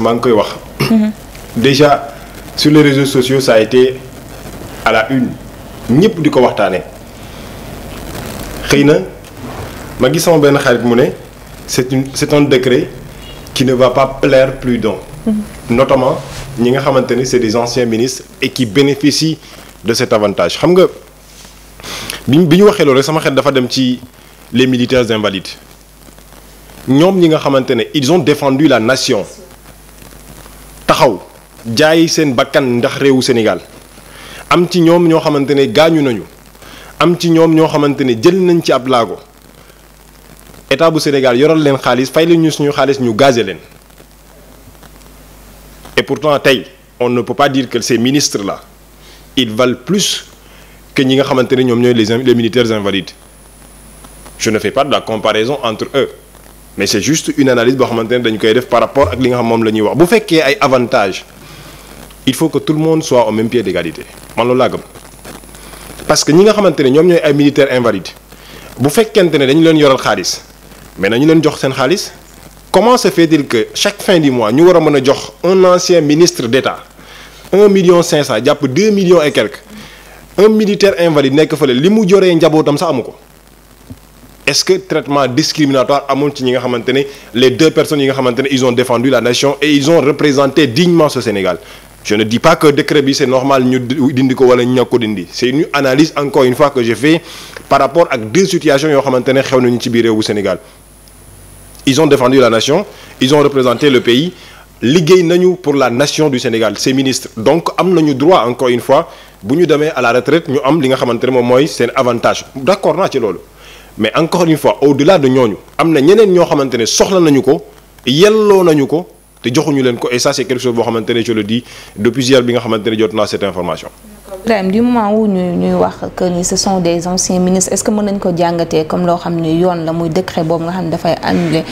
maa ngi koy wax. Mhm. déjà sur les réseaux sociaux ça a été à la une ñëpp di ko waxtaanee xëy na ma gis sama benn xarit mu ne c'est une c'est un décret qui ne va pas plaire plus d'un. Mhm. notamment ñi nga xamante ni c'est des anciens ministres et qui bénéficient de cet avantage xam nga bi bi ñu waxee loolu rek sama xel dafa dem ci les militaires invalides ñoom ñi nga xamante ne ils ont défendu la nation. taxaw jaay seen bakkan ndax réewu Sénégal am ci ñoom ñoo xamante ne gaañu nañu am ci ñoom ñoo xamante ne jël nañ ci ab laago état bu Sénégal yoral leen xaalis fay la ñu suñu xaalis ñu gazé leen et pourtant tey on ne peut pas dire que ces ministres là ils valent plus que ñi nga xamante ne ñoom ñooy les les militaires invalides je ne fais pas de comparaison entre eux mais c'est juste une analyse boo xamante ne dañ koy def par rapport ak li nga xam moom la wax bu fekkee ay avantages il faut que tout le monde soit au même pied d'égalité man loolu laa gëm parce que ñi nga xamante ne ñoom ñooy ay militaires invalides bu fekkente ne dañu leen yoral xaalis mais na ñu leen jox seen xaalis comment se fait que chaque fin du mois ñu war a mën a jox un ancien ministre d'État un million cinq cent jàpp deux millions et quelques un militaire invalide nekk fële li mu joree njabootam sax amu ko. est-ce que traitement discriminatoire amoon ci ñi nga xamante ne les deux personnes yi nga xamante ne ils ont défendu la nation et ils ont représenté dignement ce Sénégal je ne dis pas que décret bi c'est normal ñu dindi ko wala ñu ñàkk ko dindi c'est une analyse encore une fois que j'ai fait par rapport ak deux situations yoo xamante ne xew nañu ci biir réewu Sénégal ils ont défendu la nation ils ont représenté le pays liggéey nañu pour la nation du Sénégal ces donc am nañu droit encore une fois bu demee à la ñu am li nga xamante ne moom mooy seen avantage d'accord naa ci loolu mais encore une fois au-delà de ñooñu am na ñeneen ñoo xamante ne soxla nañu ko yelloo nañu ko te joxuñu leen ko et ça c'est quelque boo xamante ne je le depuis hier bi nga xamante ne jot naa cette information. Ibrahima du moment wu ñuy wax que ni ce des anciens ministres est que mën nañ ko jàngatee comme loo xam ne yoon la muy décret boobu nga xam ne dafay annuler